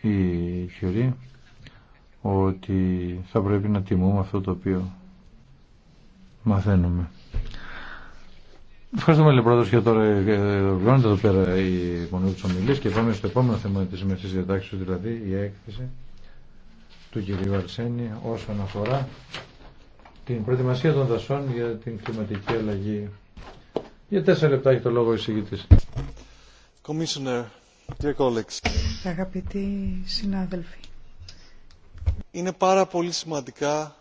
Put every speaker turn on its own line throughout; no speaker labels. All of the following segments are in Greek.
η Χιουρή ότι θα πρέπει να τιμούμε αυτό το οποίο μαθαίνουμε. Ευχαριστούμε λοιπόν πρώτος και τώρα ε, ολοκληρώνεται εδώ πέρα η μονή της ομιλής και πάμε στο επόμενο θέμα της σημερινής διατάξης, δηλαδή η έκθεση του κυρίου Αρσένη όσον αφορά την προετοιμασία των δασών για την κλιματική αλλαγή. Για τέσσερα λεπτά έχει το λόγο ο εισηγητής. Commissioner, dear colleagues.
Αγαπητοί συνάδελφοι.
Είναι πάρα πολύ σημαντικά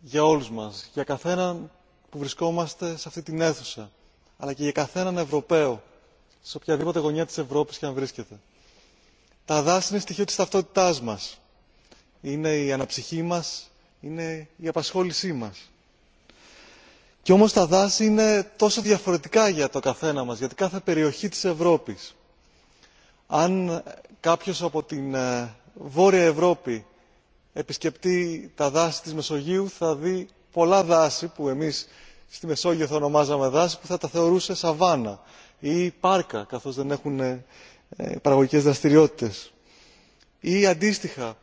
για όλους μας, για καθέναν που βρισκόμαστε σε αυτή την αίθουσα, αλλά και για καθέναν Ευρωπαίο, σε οποιαδήποτε γωνιά της Ευρώπης και αν βρίσκεται. Τα δάση είναι στοιχείο της ταυτότητάς μας. Είναι η αναψυχή μας, είναι η απασχόλησή μας. Κι όμως τα δάση είναι τόσο διαφορετικά για το καθένα μας, την κάθε περιοχή της Ευρώπης αν κάποιος από την ε, βόρεια ευρώπη επισκεπτεί τα δάση της μεσογείου θα δει πολλά δάση που εμείς στη μεσόγειο θα ονομάζαμε δάση που θα τα θεωρούσε σαβάνα ή πάρκα καθώς δεν έχουν ε, παραγωγικές δραστηριότητες. ή αντίστοιχα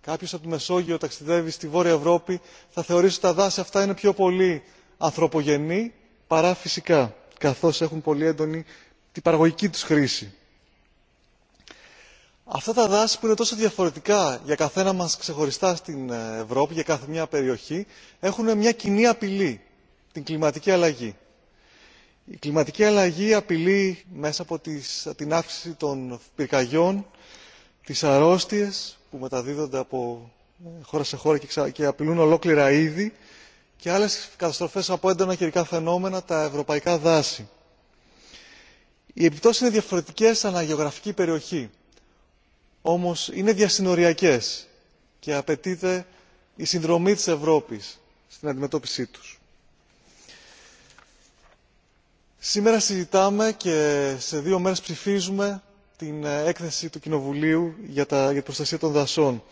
κάποιος από τη μεσόγειο ταξιδεύει στη βόρεια ευρώπη θα θεωρήσει ότι τα δάση αυτά είναι πιο πολύ ανθρωπογενή παρά φυσικά καθώς έχουν πολύ έντονη την παραγωγική τους χρήση αυτά τα δάση που είναι τόσο διαφορετικά για καθένα μας ξεχωριστά στην ε, ευρώπη για κάθε μια περιοχή έχουν μια κοινή απειλή την κλιματική αλλαγή. η κλιματική αλλαγή απειλεί μέσα από την αύξηση των πυρκαγιών τις αρρώστιες που μεταδίδονται από ε, χώρα σε χώρα και απειλούν ολόκληρα είδη και άλλες καταστροφές από έντονα καιρικά φαινόμενα τα ευρωπαϊκά δάση. οι επιπτώσεις είναι διαφορετικές ανά γεωγραφική περιοχή όμως είναι διασυνοριακές και απαιτείται η συνδρομή της Ευρώπης στην αντιμετώπιση τους. Σήμερα συζητάμε και σε δύο μέρες ψηφίζουμε την έκθεση του Κοινοβουλίου για, την προστασία των δασών.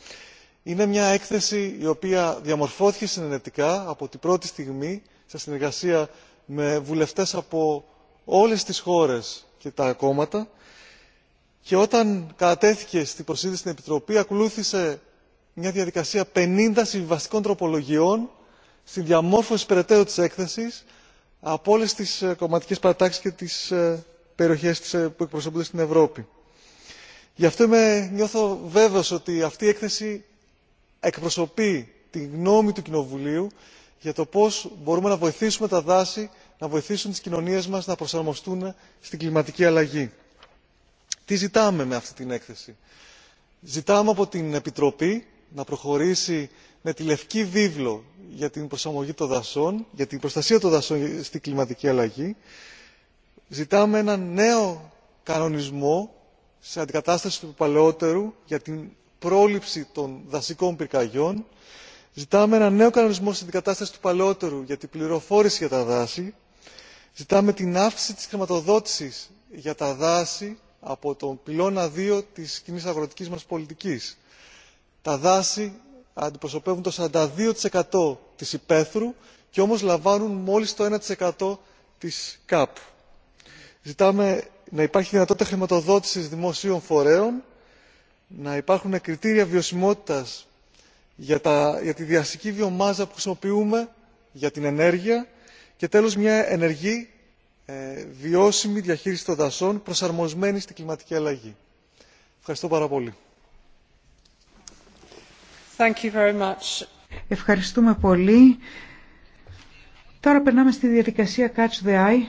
Είναι μια έκθεση η οποία διαμορφώθηκε συνενετικά από την πρώτη στιγμή σε συνεργασία με βουλευτές από όλες τις χώρες και τα κόμματα και όταν κατατέθηκε στην προσέγγιση στην επιτροπή ακολούθησε μια διαδικασία 50 συμβιβαστικών τροπολογιών στη διαμόρφωση περαιτέρω της έκθεσης από όλε τι ε, κομματικέ παρατάξει και τι ε, περιοχέ ε, που εκπροσωπούνται στην Ευρώπη. Γι' αυτό είμαι, νιώθω βέβαιο ότι αυτή η έκθεση εκπροσωπεί τη γνώμη του Κοινοβουλίου για το πώς μπορούμε να βοηθήσουμε τα δάση, να βοηθήσουν τις κοινωνίες μας να προσαρμοστούν στην κλιματική αλλαγή τι ζητάμε με αυτή την έκθεση. ζητάμε από την επιτροπή να προχωρήσει με τη λευκή βίβλο για την προσαρμογή των δασών για την προστασία των δασών στην κλιματική αλλαγή ζητάμε έναν νέο κανονισμό σε αντικατάσταση του παλαιότερου για την πρόληψη των δασικών πυρκαγιών ζητάμε έναν νέο κανονισμό σε αντικατάσταση του παλαιότερου για την πληροφόρηση για τα δάση ζητάμε την αύξηση της χρηματοδότησης για τα δάση από τον πυλώνα 2 της κοινής αγροτικής μας πολιτικής. Τα δάση αντιπροσωπεύουν το 42% της υπαίθρου και όμως λαμβάνουν μόλις το 1% της ΚΑΠ. Ζητάμε να υπάρχει δυνατότητα χρηματοδότησης δημοσίων φορέων, να υπάρχουν κριτήρια βιωσιμότητας για, τα, τη διαστική βιομάζα που χρησιμοποιούμε για την ενέργεια και τέλος μια ενεργή ε, βιώσιμη διαχείριση των δασών προσαρμοσμένη στην κλιματική αλλαγή. Ευχαριστώ πάρα πολύ.
Ευχαριστούμε πολύ. Τώρα περνάμε στη διαδικασία Catch the Eye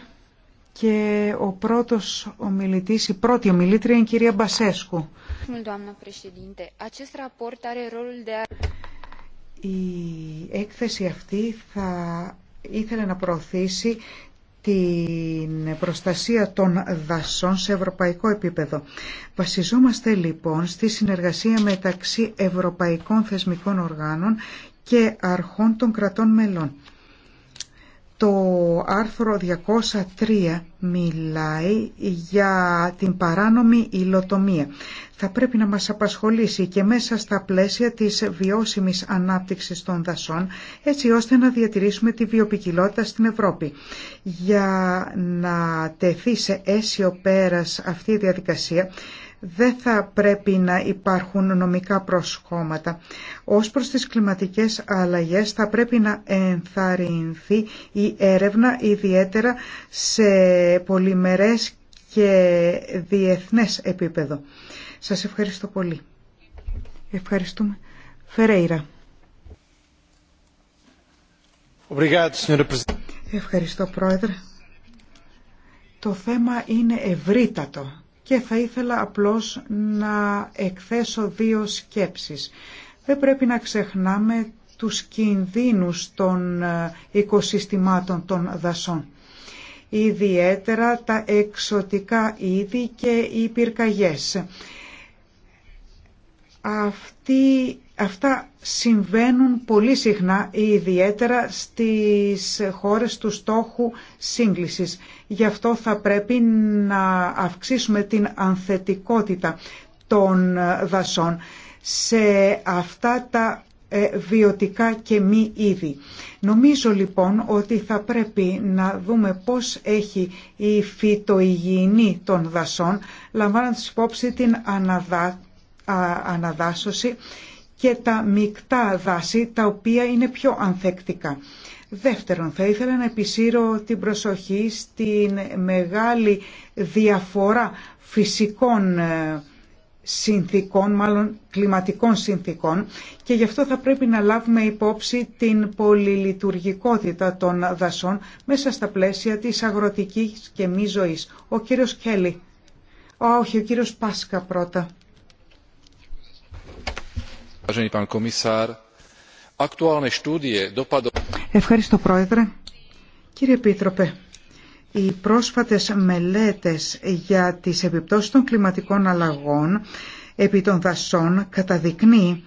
και ο πρώτος ομιλητής, η πρώτη ομιλήτρια είναι η κυρία Μπασέσκου. Η έκθεση αυτή θα ήθελε να προωθήσει την προστασία των δασών σε ευρωπαϊκό επίπεδο. Βασιζόμαστε λοιπόν στη συνεργασία μεταξύ ευρωπαϊκών θεσμικών οργάνων και αρχών των κρατών μελών. Το άρθρο 203 μιλάει για την παράνομη υλοτομία. Θα πρέπει να μας απασχολήσει και μέσα στα πλαίσια της βιώσιμης ανάπτυξης των δασών, έτσι ώστε να διατηρήσουμε τη βιοπικιλότητα στην Ευρώπη. Για να τεθεί σε αίσιο πέρας αυτή η διαδικασία, δεν θα πρέπει να υπάρχουν νομικά προσχώματα. Ως προς τις κλιματικές αλλαγές θα πρέπει να ενθαρρυνθεί η έρευνα ιδιαίτερα σε πολυμερές και διεθνές επίπεδο. Σας ευχαριστώ πολύ. Ευχαριστούμε. Φερέιρα. Ευχαριστώ Πρόεδρε. Το θέμα είναι ευρύτατο και θα ήθελα απλώς να εκθέσω δύο σκέψεις. Δεν πρέπει να ξεχνάμε τους κινδύνους των ε, οικοσυστημάτων των δασών. Ιδιαίτερα τα εξωτικά είδη και οι πυρκαγιές. Αυτή Αυτά συμβαίνουν πολύ συχνά, ιδιαίτερα στις χώρες του στόχου σύγκλησης. Γι' αυτό θα πρέπει να αυξήσουμε την ανθετικότητα των δασών σε αυτά τα ε, βιωτικά και μη είδη. Νομίζω λοιπόν ότι θα πρέπει να δούμε πώς έχει η φυτοϊγιεινή των δασών, λαμβάνοντας υπόψη την αναδάσωση και τα μεικτά δάση τα οποία είναι πιο ανθεκτικά. Δεύτερον, θα ήθελα να επισύρω την προσοχή στην μεγάλη διαφορά φυσικών ε, συνθήκων, μάλλον κλιματικών συνθήκων και γι' αυτό θα πρέπει να λάβουμε υπόψη την πολυλειτουργικότητα των δασών μέσα στα πλαίσια της αγροτικής και μη ζωής. Ο κύριος Κέλλη. Όχι, ο κύριος Πάσκα πρώτα. Ευχαριστώ Πρόεδρε. Κύριε Επίτροπε, οι πρόσφατες μελέτες για τις επιπτώσεις των κλιματικών αλλαγών επί των δασών καταδεικνύει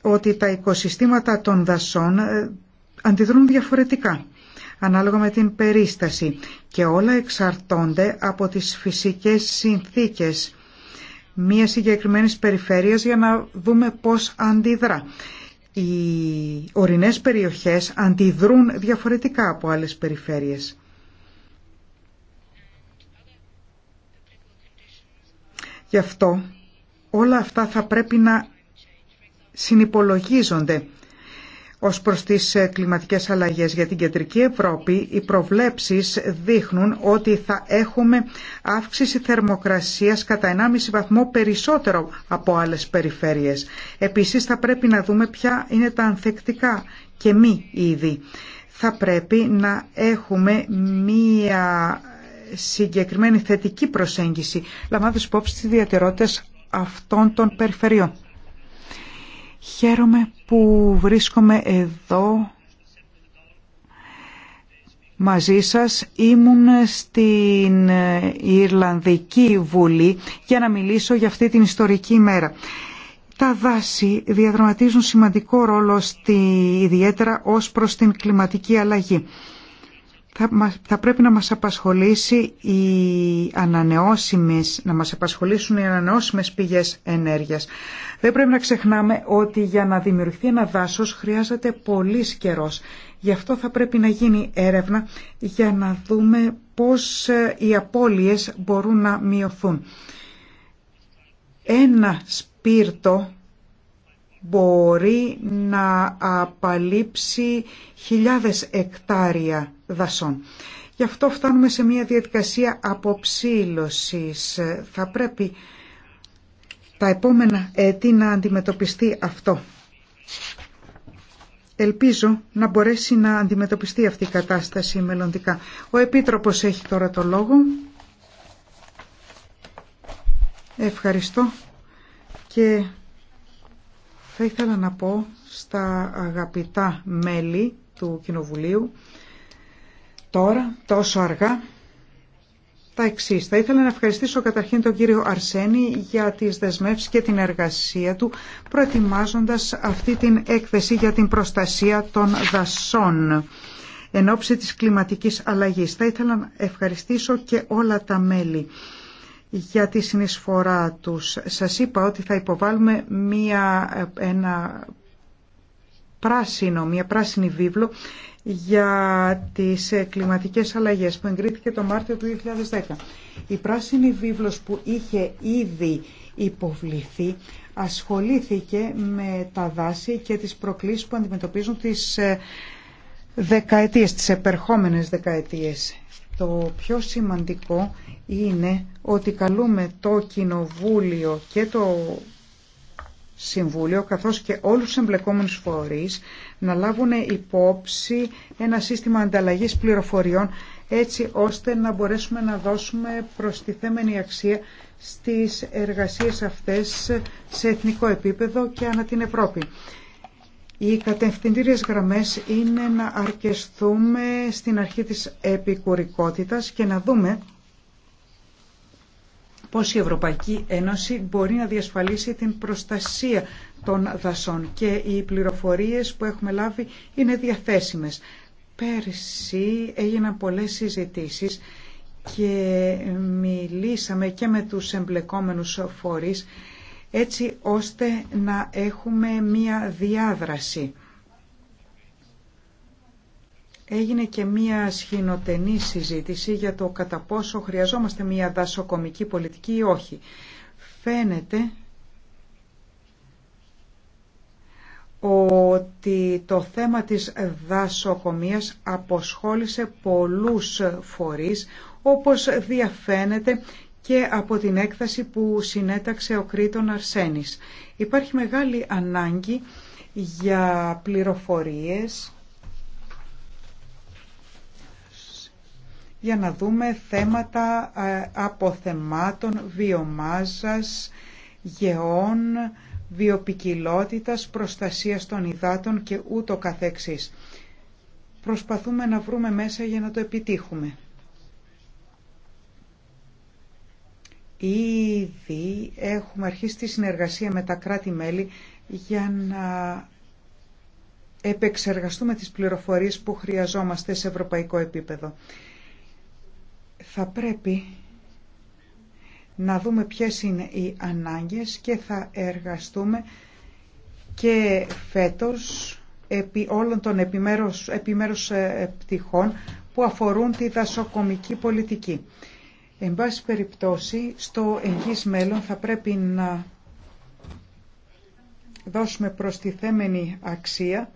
ότι τα οικοσυστήματα των δασών ε, αντιδρούν διαφορετικά ανάλογα με την περίσταση και όλα εξαρτώνται από τις φυσικές συνθήκες μία συγκεκριμένη περιφέρειας για να δούμε πώς αντιδρά. Οι ορεινές περιοχές αντιδρούν διαφορετικά από άλλες περιφέρειες. Γι' αυτό όλα αυτά θα πρέπει να συνυπολογίζονται ως προς τις ε, κλιματικές αλλαγές. Για την Κεντρική Ευρώπη οι προβλέψεις δείχνουν ότι θα έχουμε αύξηση θερμοκρασίας κατά 1,5 βαθμό περισσότερο από άλλες περιφέρειες. Επίσης θα πρέπει να δούμε ποια είναι τα ανθεκτικά και μη είδη. Θα πρέπει να έχουμε μία συγκεκριμένη θετική προσέγγιση, λαμβάνοντας υπόψη τις ιδιαιτερότητες αυτών των περιφερειών. Χαίρομαι που βρίσκομαι εδώ μαζί σας. Ήμουν στην Ιρλανδική Βουλή για να μιλήσω για αυτή την ιστορική ημέρα. Τα δάση διαδραματίζουν σημαντικό ρόλο στη, ιδιαίτερα ως προς την κλιματική αλλαγή θα, πρέπει να μας απασχολήσει οι ανανεώσιμες, να μας απασχολήσουν οι ανανεώσιμες πηγές ενέργειας. Δεν πρέπει να ξεχνάμε ότι για να δημιουργηθεί ένα δάσος χρειάζεται πολύ καιρός. Γι' αυτό θα πρέπει να γίνει έρευνα για να δούμε πώς ε, οι απώλειες μπορούν να μειωθούν. Ένα σπίρτο μπορεί να απαλείψει χιλιάδες εκτάρια δασών. Γι' αυτό φτάνουμε σε μια διαδικασία αποψήλωσης. Θα πρέπει τα επόμενα έτη να αντιμετωπιστεί αυτό. Ελπίζω να μπορέσει να αντιμετωπιστεί αυτή η κατάσταση μελλοντικά. Ο Επίτροπος έχει τώρα το λόγο. Ευχαριστώ και θα ήθελα να πω στα αγαπητά μέλη του Κοινοβουλίου τώρα, τόσο αργά, τα εξή. Θα ήθελα να ευχαριστήσω καταρχήν τον κύριο Αρσένη για τις δεσμεύσεις και την εργασία του προετοιμάζοντας αυτή την έκθεση για την προστασία των δασών εν ώψη της κλιματικής αλλαγής. Θα ήθελα να ευχαριστήσω και όλα τα μέλη για τη συνεισφορά τους. Σας είπα ότι θα υποβάλουμε μία, ένα πράσινο, μία πράσινη βίβλο για τις κλιματικές αλλαγές που εγκρίθηκε το Μάρτιο του 2010. Η πράσινη βίβλος που είχε ήδη υποβληθεί ασχολήθηκε με τα δάση και τις προκλήσεις που αντιμετωπίζουν τις ε, δεκαετίες, τις επερχόμενες δεκαετίες. Το πιο σημαντικό είναι ότι καλούμε το Κοινοβούλιο και το Συμβούλιο καθώς και όλους τους εμπλεκόμενους φορείς να λάβουν υπόψη ένα σύστημα ανταλλαγής πληροφοριών έτσι ώστε να μπορέσουμε να δώσουμε προστιθέμενη αξία στις εργασίες αυτές σε εθνικό επίπεδο και ανά την Ευρώπη. Οι κατευθυντήριες γραμμές είναι να αρκεστούμε στην αρχή της επικουρικότητας και να δούμε πώς η Ευρωπαϊκή Ένωση μπορεί να διασφαλίσει την προστασία των δασών και οι πληροφορίες που έχουμε λάβει είναι διαθέσιμες. Πέρσι έγιναν πολλές συζητήσεις και μιλήσαμε και με τους εμπλεκόμενους φορείς έτσι ώστε να έχουμε μία διάδραση. Έγινε και μία σχηνοτενή συζήτηση για το κατά πόσο χρειαζόμαστε μία δασοκομική πολιτική ή όχι. Φαίνεται ότι το θέμα της δασοκομείας αποσχόλησε πολλούς φορείς, όπως διαφαίνεται και από την έκθεση που συνέταξε ο Κρήτον Αρσένης. Υπάρχει μεγάλη ανάγκη για πληροφορίες για να δούμε θέματα ε, αποθεμάτων βιομάζας, γεών, βιοπικιλότητας, προστασίας των υδάτων και ούτω καθεξής. Προσπαθούμε να βρούμε μέσα για να το επιτύχουμε. Ήδη έχουμε αρχίσει τη συνεργασία με τα κράτη-μέλη για να επεξεργαστούμε τις πληροφορίες που χρειαζόμαστε σε ευρωπαϊκό επίπεδο. Θα πρέπει να δούμε ποιες είναι οι ανάγκες και θα εργαστούμε και φέτος επί όλων των επιμέρους, επιμέρους ε, πτυχών που αφορούν τη δασοκομική πολιτική. Εν πάση περιπτώσει, στο εγγύς μέλλον θα πρέπει να δώσουμε προστιθέμενη αξία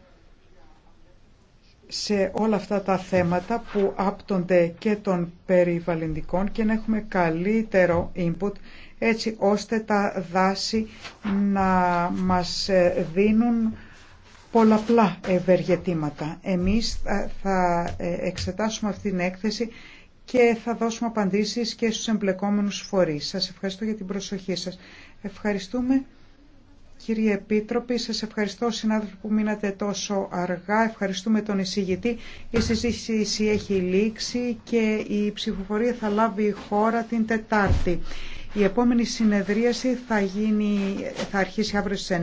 σε όλα αυτά τα θέματα που άπτονται και των περιβαλλοντικών και να έχουμε καλύτερο input έτσι ώστε τα δάση να μας ε, δίνουν πολλαπλά ευεργετήματα. Εμείς θα ε, εξετάσουμε αυτή την έκθεση και θα δώσουμε απαντήσεις και στους εμπλεκόμενους φορείς. Σας ευχαριστώ για την προσοχή σας. Ευχαριστούμε. Κύριε Επίτροπη, σας ευχαριστώ συνάδελφοι που μείνατε τόσο αργά. Ευχαριστούμε τον εισηγητή. Η συζήτηση έχει λήξει και η ψηφοφορία θα λάβει η χώρα την Τετάρτη. Η επόμενη συνεδρίαση θα, γίνει, θα αρχίσει αύριο στις